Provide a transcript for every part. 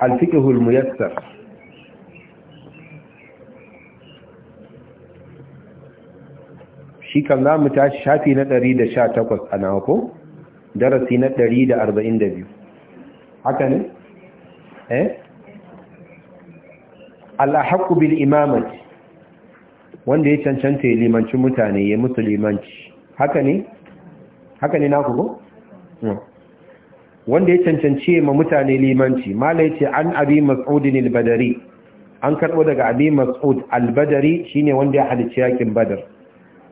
alfikihul muyassar shi kan za mu tashi shafi na 118 a nawako darasi na 142 haka ne? eh? alhaku bil imamati wanda ya cancanta ya limanci mutane ya musu limanci haka ne? haka ne na ku ko? wanda ya cancance ma mutane limanci mala yace an abi mas'udin al-badari an karbo daga abi mas'ud al-badari shine wanda ya halicci yakin badar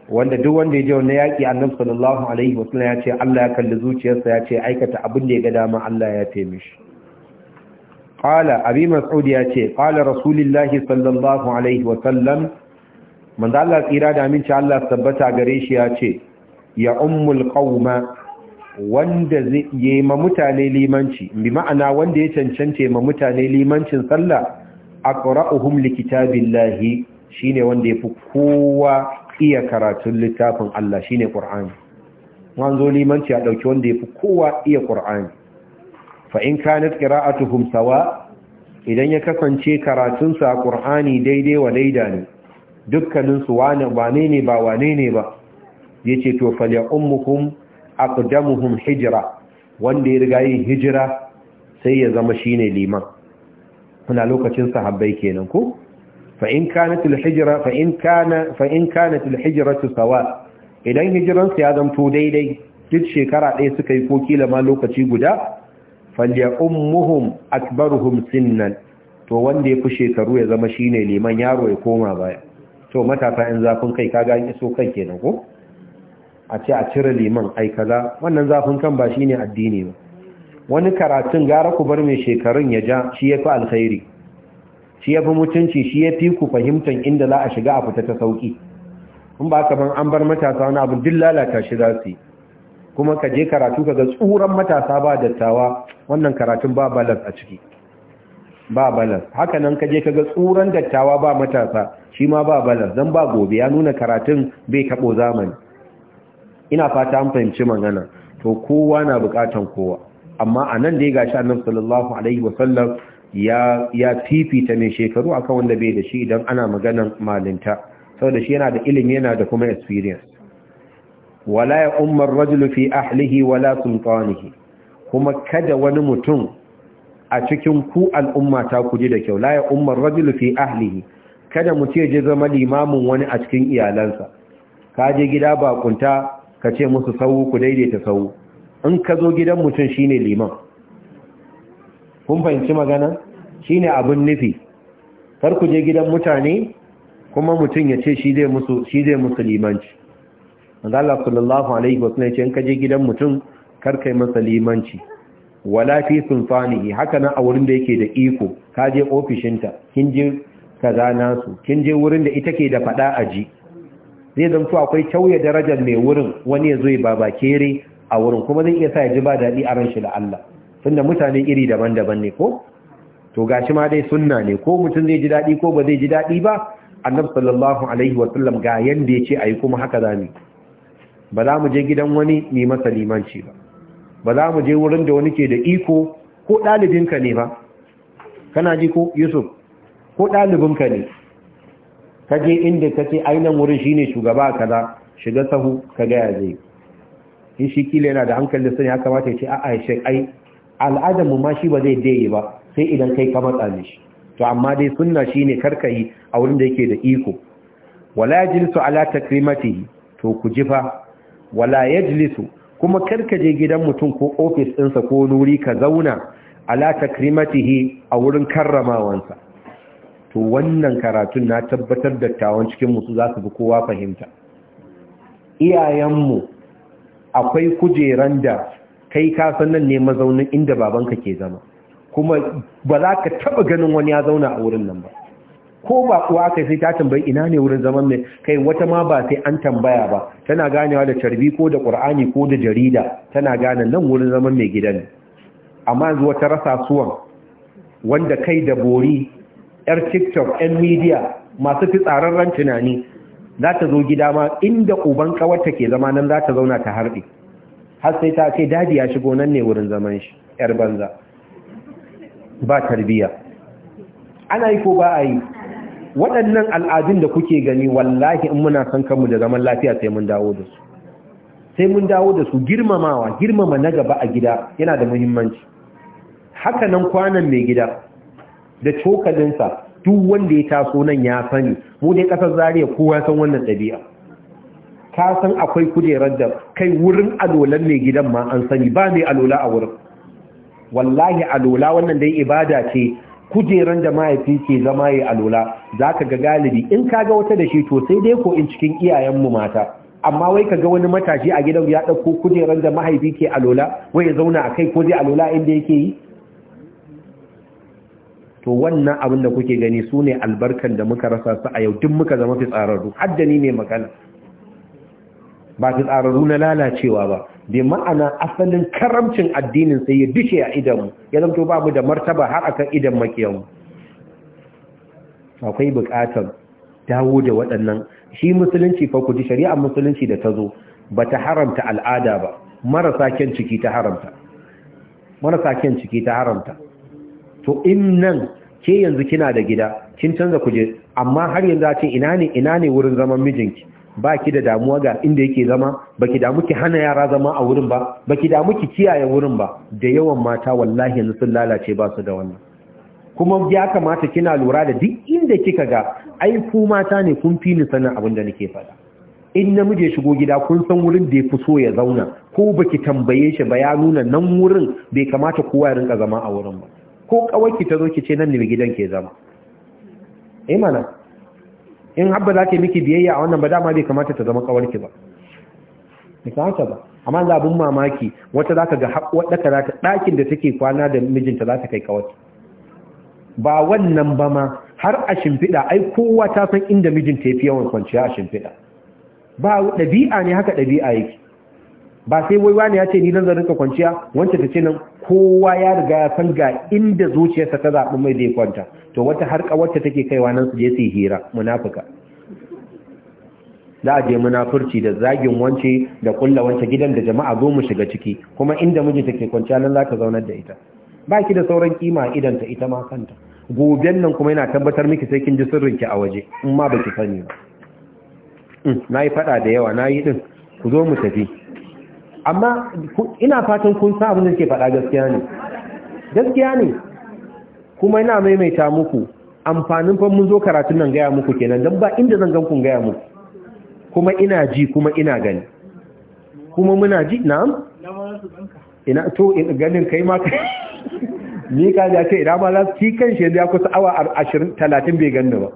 wanda duk wanda ya je wannan yaki annabi sallallahu alaihi wasallam ya ce Allah ya kalli zuciyarsa ya ce aikata abin da ya ga dama Allah ya fe qala abi mas'ud ya ce qala rasulullahi sallallahu alaihi wasallam manzo Allah tsira da aminci Allah tabbata gare shi ya ce ya ummul qauma wanda zai yi ma mutane limanci bi ma'ana wanda ya cancance ma mutane limancin sallah aqra'uhum likitabillahi shine wanda yafi kowa iya karatun littafin Allah shine Qur'ani wan zo limanci a dauki wanda yafi kowa iya Qur'ani fa in kanat qira'atuhum sawa idan ya kasance karatun sa Qur'ani daidai wa laida ne dukkanin su wane ne ba wane ne ba yace to fal ya ummukum aqdamuhum hijra wanda ya riga yin hijira sai ya zama shine liman kuna lokacin sahabbai kenan ko fa in kanat al-hijra fa in kana fa in kanat al-hijratu sawa idan hijiran ya to daidai duk shekara ɗaya suka yi ko kila ma lokaci guda falya ummuhum akbaruhum sinnan to wanda yafi shekaru ya zama shine liman yaro ya koma baya to matasa in zafin kai kaga an iso kai kenan ko a ce a cire liman ai kaza wannan zafin kan ba shi ne addini ba wani karatun gara ku bar mai shekarun ya ja shi ya fi alkhairi shi ya fi mutunci shi ya fi ku fahimtar inda za a shiga a fita ta sauki in ba ka ban an bar matasa wani abu duk lalata shi za su kuma ka je karatu ka ga tsuran matasa ba dattawa wannan karatun ba balas a ciki ba balas haka nan ka je kaga tsuran dattawa ba matasa shi ma ba balas don ba gobe ya nuna karatun bai taɓo zamani ina fata an fahimci magana to kowa na bukatan kowa amma a nan dai gashi annabi sallallahu alaihi sallam ya ya fifita mai shekaru akan wanda bai da shi idan ana maganan malinta saboda shi yana da ilimi yana da kuma experience wala ya ummar rajul fi ahlihi wala sultanihi kuma kada wani mutum a cikin ku al'umma ta kuje da kyau la ya ummar rajul fi ahlihi kada mu ce je zama limamin wani a cikin iyalansa ka je gida bakunta ka ce musu sau ku daidaita sau in ka zo gidan mutum shine liman kun fahimci magana shine abin nufi kar je gidan mutane kuma mutum ya ce shi zai musu limanci Allah sallallahu alaihi wasallam ya ce in ka je gidan mutum kar masa limanci wala fi sunfanihi haka nan a wurin da yake da iko ka je ofishinta kin je kaza nasu kin je wurin da ita ke da fada ji. zai zanto akwai tauye darajar mai wurin wani ya zo ya kere a wurin kuma zai iya sa ya ji ba daɗi a ran shi da Allah tunda mutane iri daban-daban ne ko to gashi ma dai sunna ne ko mutum zai ji daɗi ko ba zai ji daɗi ba annabi sallallahu alaihi wa sallam ga yanda ce ayi kuma haka zamu ba za mu je gidan wani mai masa limanci ba ba za mu je wurin da wani ke da iko ko ɗalibinka ne ba kana ji ko yusuf ko ɗalibinka ne ka je inda ka ce ainihin wurin shine shugaba kaza shiga sahu ka gaya zai in shi kila yana da hankali da sani ya kamata ya ce a a shi ai al'adar mu ma shi ba zai daye ba sai idan kai ka matsa mishi to amma dai sunna shine karka yi a wurin da yake da iko wala yajlisu ala takrimatihi to ku jifa wala yajlisu kuma karka je gidan mutum ko ofis ɗinsa ko nuri ka zauna ala takrimatihi a wurin karramawansa to wannan karatun na tabbatar da tawon cikin mutu za su bi kowa fahimta iyayenmu akwai kujeran da kai ka nan ne mazaunin inda babanka ke zama kuma ba za ka taba ganin wani ya zauna a wurin nan ba ko ba kuwa kai sai ta tambayi ina ne wurin zaman mai kai wata ma ba sai an tambaya ba tana ganewa da carbi ko da Ƙur'ani ko da jarida tana gane nan wurin zaman mai gidan amma yanzu wata rasa suwan wanda kai da bori 'yar tiktok 'yan media masu fi tsararren tunani za ta zo gida ma inda uban ƙawarta ke zama nan za ta zauna ta harbi har sai ta ce dadi ya shigo nan ne wurin zaman shi 'yar banza ba tarbiya ana yi ko ba a yi waɗannan al'adun da kuke gani wallahi in muna son kanmu da zaman lafiya sai mun dawo da su sai mun dawo da su girmamawa girmama na gaba a gida yana da muhimmanci haka nan kwanan mai gida da cokalinsa duk wanda ya taso nan ya sani mu dai kasar zariya kowa san wannan dabi'a ka san akwai kujerar da kai wurin alolan mai gidan ma an sani ba mai alola a wurin wallahi alola wannan dai ibada ce kujerar da mahaifi ke zama ya alola za ka ga galibi in ka ga wata da shi to sai dai ko in cikin iyayenmu mata amma wai ka ga wani matashi a gidan ya ɗauko kujerar da mahaifi ke alola wai ya zauna a kai ko zai alola inda yake yi to wannan abin da kuke gani su ne albarkan da muka rasa su a yau duk muka zama hadda haddani ne magana ba tsararru na lalacewa ba bi ma'ana asalin karamcin addinin sai ya dushe a idanmu ya zamto ba mu da martaba har a akan idan makiyanmu akwai bukatar dawo da waɗannan shi musulunci fa ku ji shari'ar musulunci da ta zo ba ta haramta al'ada ba marasa kyan ciki ta haramta marasa kyan ciki ta haramta to in nan ke yanzu kina da gida kin canza kuje amma har yanzu a ce ina ne ina ne wurin zaman mijinki ba ki da damuwa ga inda yake zama ba ki damu ki hana yara zama a wurin ba ba ki damu ki kiyaye wurin ba da yawan mata wallahi yanzu sun lalace ba su da wannan kuma ya kamata kina lura da duk inda kika ga ai ku mata ne kun fi ni sanin abin da nake faɗa in namiji ya shigo gida kun san wurin da ya fi so ya zauna ko baki tambaye shi ba ya nuna nan wurin bai kamata kowa ya rinka zama a wurin ba ko kawarki ta zo ki ce nan ne gidan ke zama eh mana in habba za yi miki biyayya a wannan ba dama bai kamata ta zama kawarki ba bai kamata ba amma za mamaki wata zaka ga haɓuwaɗaka za ɗakin da take kwana da mijinta za ta kai kawarki ba wannan ba ma har a shimfiɗa ai kowa ta san inda mijinta ya fi yawan kwanciya a shimfiɗa ba ɗabi'a ne haka ɗabi'a yake ba sai wai wani ya ce ni zan rinka kwanciya wance ta ce nan kowa ya riga ya san ga inda zuciyarsa ta zaɓi mai zai kwanta to wata har wacce take kaiwa nan su je su hira munafuka za a je munafurci da zagin wance da kulla wance gidan da jama'a zo mu shiga ciki kuma inda mijinta ke kwanciya nan za ka zaunar da ita ba ki da sauran kima a idanta ita ma kanta goben nan kuma yana tabbatar miki sai kin ji ki a waje in ma baki sani ba mm, na yi fada da yawa na yi din ku zo mu tafi amma ina fatan kun sa abin da ke faɗa gaskiya ne gaskiya ne kuma ina maimaita muku amfanin fa mun zo karatun nan gaya muku kenan don ba inda zan gankun gaya muku kuma ina ji kuma ina gani kuma muna ji na'am ina to ganin kai ma kai ni ka ja ce ina ma za su kan shi ya kusa awa 20 30 bai ganda ba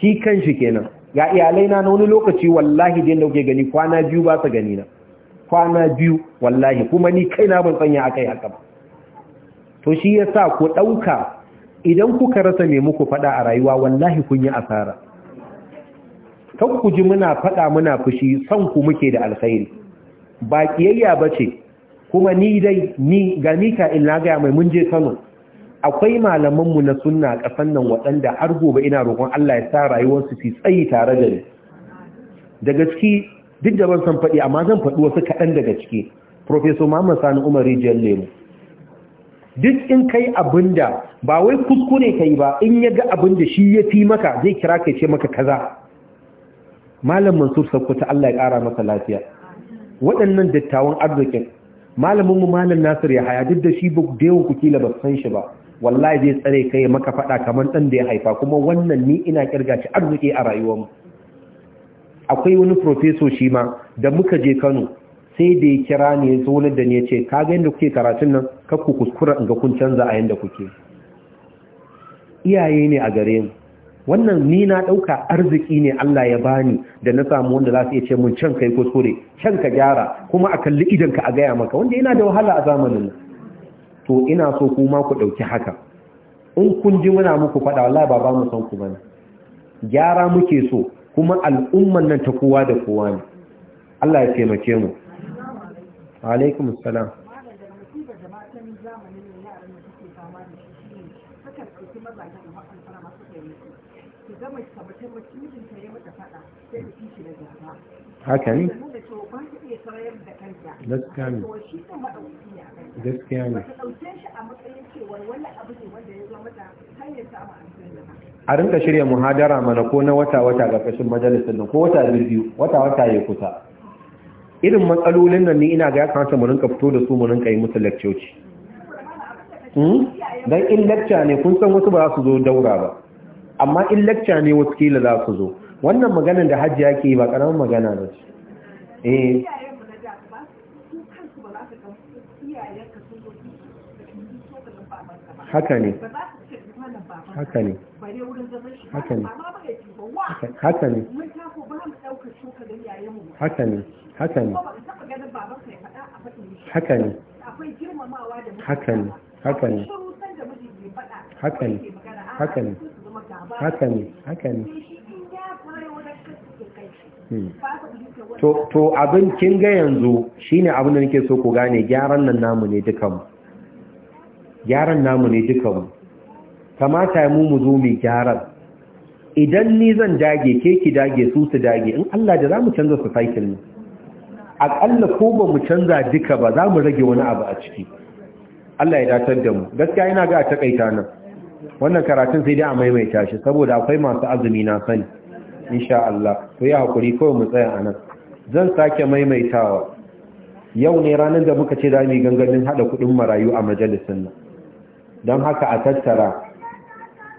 shi kan shi kenan ga iyalai na na wani lokaci wallahi da kuke gani kwana biyu ba su gani na kwana biyu wallahi kuma ni kaina ban sanya akai haka ba to shi yasa ku ɗauka idan kuka rasa me muku fada a rayuwa wallahi kun yi asara kan ku ji muna fada muna fushi son ku muke da alkhairi ba kiyayya bace kuma ni dai ni ga ni ka ina ga mai mun je Kano akwai malaman mu na sunna kasan nan waɗanda har gobe ina roƙon Allah ya sa rayuwarsu su tsayi tare da ni da gaske duk da ban san faɗi amma zan faɗi wasu kaɗan daga ciki professor Muhammad Sani Umar Rijiyar Lemu duk in kai abinda ba wai kuskure yi ba in ya ga abin da shi ya fi maka zai kira ka ce maka kaza malam Mansur Sakko ta Allah ya ƙara masa lafiya waɗannan dattawan arzikin malamin mu malam Nasir ya haya duk da shi ba da yawan kukila ba san shi ba wallahi zai tsare kai maka faɗa kamar ɗan da ya haifa kuma wannan ni ina kirga shi arziki a rayuwar mu akwai wani Profeso shi ma da muka je Kano sai da ya kira ni ya zonar da ne ya ce ka ga yadda kuke karatun nan kar ku kuskura in ga kun canza a yadda kuke iyaye ne a gare mu. wannan ni na ɗauka arziki ne Allah ya bani da na samu wanda za su iya ce mun can kai kuskure can ka gyara kuma a kalli idan ka a gaya maka wanda yana da wahala a zamanin nan to ina so kuma ku ɗauki haka in kun ji muna muku faɗa wallahi ba ba mu san ku bane gyara muke so kuma al'umman nan ta kowa da kowa ne Allah ya taimake mu alaikum salam haka ne gaskiya ne gaskiya ne a rinka shirya muhadara mana ko na wata-wata ga kashin majalisar nan ko wata biyu wata-wata ya kusa irin matsalolin nan ni ina ga ya kamata mu rinka fito da su mu rinka yi musu lakcoci hmm? don in lakca ne kun san wasu ba za su zo daura ba amma in lakca ne wasu kila za su zo wannan magana da hajji yake ba ƙaramin magana ba ce eh haka ne haka ne haka ne haka ne haka ne haka ne haka ne haka ne haka ne haka ne haka ne haka ne haka ne to abin kin ga yanzu shine abin da nake so ku gane gyaran nan namu ne dukanmu gyaran namu ne dukanmu kamata mu mu zo mu gyaran idan ni zan dage ke ki dage su su dage in Allah da za mu canza su society ne aƙalla ko ba mu canza duka ba za mu rage wani abu a ciki Allah ya datar da mu gaskiya ina ga a takaita nan wannan karatun sai dai a maimaita shi saboda akwai masu azumi na sani insha Allah to ya hakuri kawai mu tsaya a nan zan sake maimaitawa yau ne ranar da muka ce za mu yi gangamin haɗa kuɗin marayu a majalisin nan don haka a tattara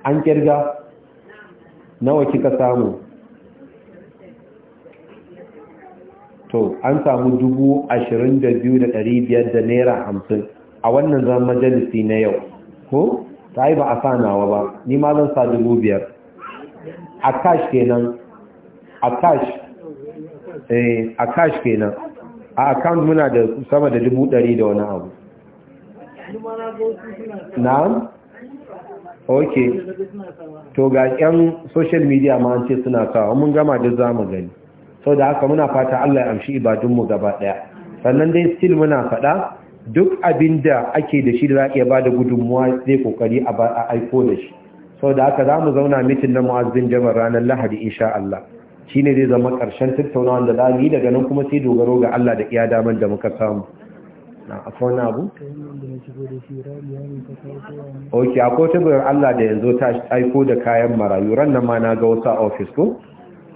an kirga nawa kika samu to an samu dubu ashirin da biyu da ɗari biyar da naira hamsin a wannan zan majalisi na yau ko ta yi ba a sa nawa ba ni ma zan sa dubu biyar a cash kenan a cash eh a cash kenan a account muna da sama da dubu ɗari da wani abu na'am ok to ga yan social media ma an ce suna sawa mun gama da za mu gani sau da haka muna fata allah ya amshi ibadunmu gaba ɗaya, sannan dai still muna faɗa duk abin da ake da shi da za a iya ba da gudunmuwa zai kokari a aiko da shi sau da haka za mu zauna mitin na mu'azzin jabar ranar lahadi insha Allah shi ne zai zama ƙarshen tattaunawa da zamu daga nan kuma sai dogaro ga Allah da iya damar da muka samu na akwai abu? ok akwai tabirin Allah da yanzu ta aiko da kayan marayu ran nan ma na ga wasu ofis ko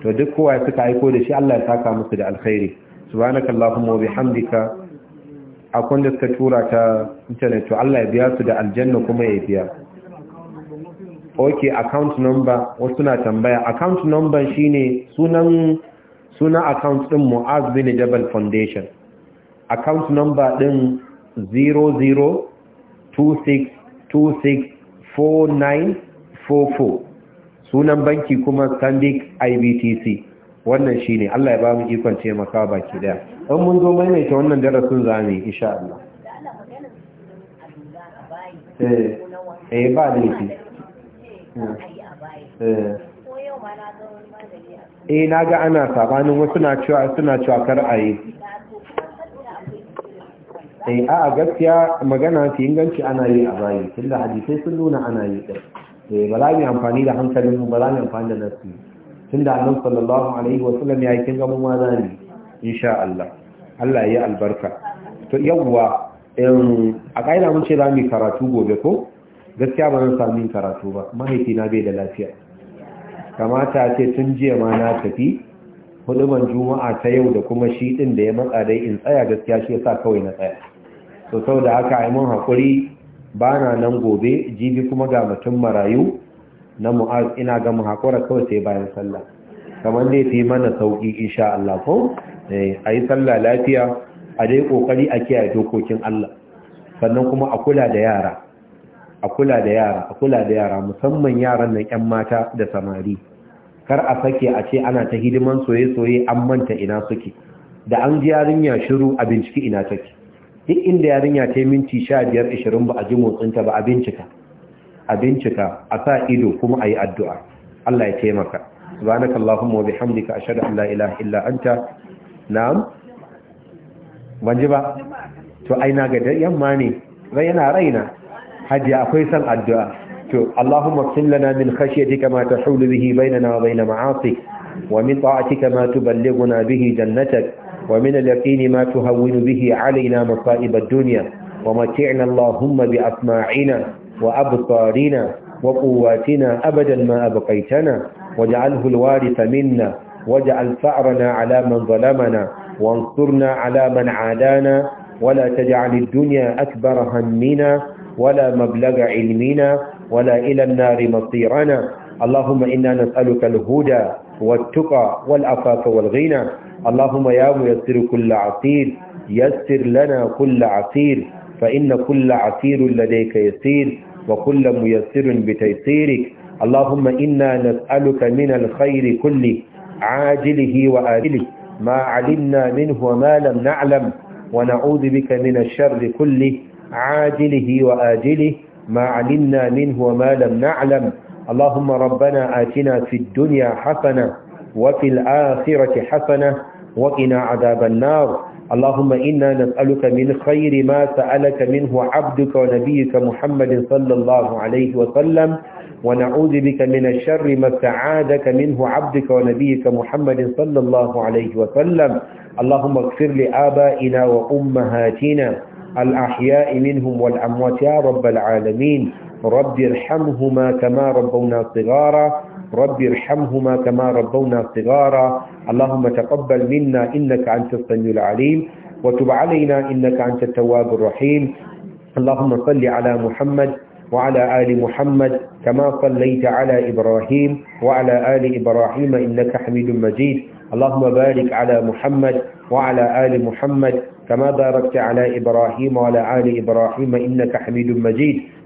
to duk kowa suka aiko da shi Allah ya saka musu da alkhairi subhanakallahumma wa bihamdika akwai da suka tura ta internet to Allah ya biya su da aljanna kuma ya biya ok account number wasu na tambaya account number shine sunan sunan account din Mu'az bin Jabal Foundation account number din 0026264944 sunan banki kuma Stanbic IBTC wannan shine Allah ya ba mu ikon ce maka baki daya Don mun zo maimaita wannan darasin zane, insha Allah eh eh ba laifi eh, eh. eh na ga ana sabanin wasu na cewa suna cewa kar a yi sai eh, a a gaskiya magana fi inganci ana yi a bayi da hadisai sun nuna ana yi din eh, ba za mu amfani da hankalin mu ba za mu amfani da nasu da annabi sallallahu alaihi wa sallam ya yi kin ga mu ma zani insha Allah Allah ya albarka to yawwa a kaina mun ce za mu karatu gobe ko gaskiya ba zan sami karatu ba mahaifina bai da lafiya kamata ce tun jiya ma na tafi huduman juma'a ta yau da kuma shi din da ya matsa dai in tsaya gaskiya shi yasa kawai na tsaya to sau da haka mun haƙuri ba na nan gobe jibi kuma ga mutum marayu na mu'az ina ga mu haƙura kawai sai bayan sallah kamar dai fi mana sauƙi insha Allah ko eh, a yi sallah lafiya a dai ƙoƙari a kiyaye dokokin Allah sannan kuma a kula da yara a kula da yara a kula da yara musamman yaran nan ƴan mata da samari kar a sake a ce ana ta hidiman soye-soye an manta ina suke da an ji yarinya shiru a binciki ina take duk inda yarinya ta yi minti sha biyar ishirin ba a ji motsinta ba a bincika a bincika a sa ido kuma a yi addu'a Allah ya taimaka subhanaka allahumma wa bihamdika ashhadu an la ilaha illa anta na'am ban ji ba to ai na ga yamma ne rai yana raina hajiya akwai san addu'a to allahumma qsim lana min khashyatika ma tahulu bihi bainana wa bain ma'asik ومن طاعتك ما تبلغنا به جنتك ومن اليقين ما تهون به علينا مصائب الدنيا ومتعنا اللهم بأسماعنا وأبصارنا وقواتنا أبدا ما أبقيتنا واجعله الوارث منا واجعل ثأرنا على من ظلمنا وانصرنا على من عادانا ولا تجعل الدنيا أكبر همنا ولا مبلغ علمنا ولا إلى النار مصيرنا اللهم إنا نسألك الهدى والتقى والعفاف والغنى اللهم يا ميسر كل عسير يسر لنا كل عسير فإن كل عسير لديك يسير وكل ميسر بتيسيرك اللهم إنا نسألك من الخير كله عاجله وآجله ما علمنا منه وما لم نعلم ونعوذ بك من الشر كله عاجله وآجله ما علمنا منه وما لم نعلم اللهم ربنا آتنا في الدنيا حسنة وفي الآخرة حسنة وقنا عذاب النار اللهم إنا نسألك من خير ما سألك منه عبدك ونبيك محمد صلى الله عليه وسلم ونعوذ بك من الشر ما استعاذك منه عبدك ونبيك محمد صلى الله عليه وسلم اللهم اغفر لآبائنا وأمهاتنا الأحياء منهم والأموات يا رب العالمين رب ارحمهما كما ربونا صغارا رب ارحمهما كما ربونا صغارا اللهم تقبل منا إنك أنت السميع العليم وتب علينا إنك أنت التواب الرحيم اللهم صل على محمد وعلى آل محمد كما صليت على إبراهيم وعلى آل إبراهيم إنك حميد مجيد اللهم بارك على محمد وعلى آل محمد كما باركت على إبراهيم وعلى آل إبراهيم إنك حميد مجيد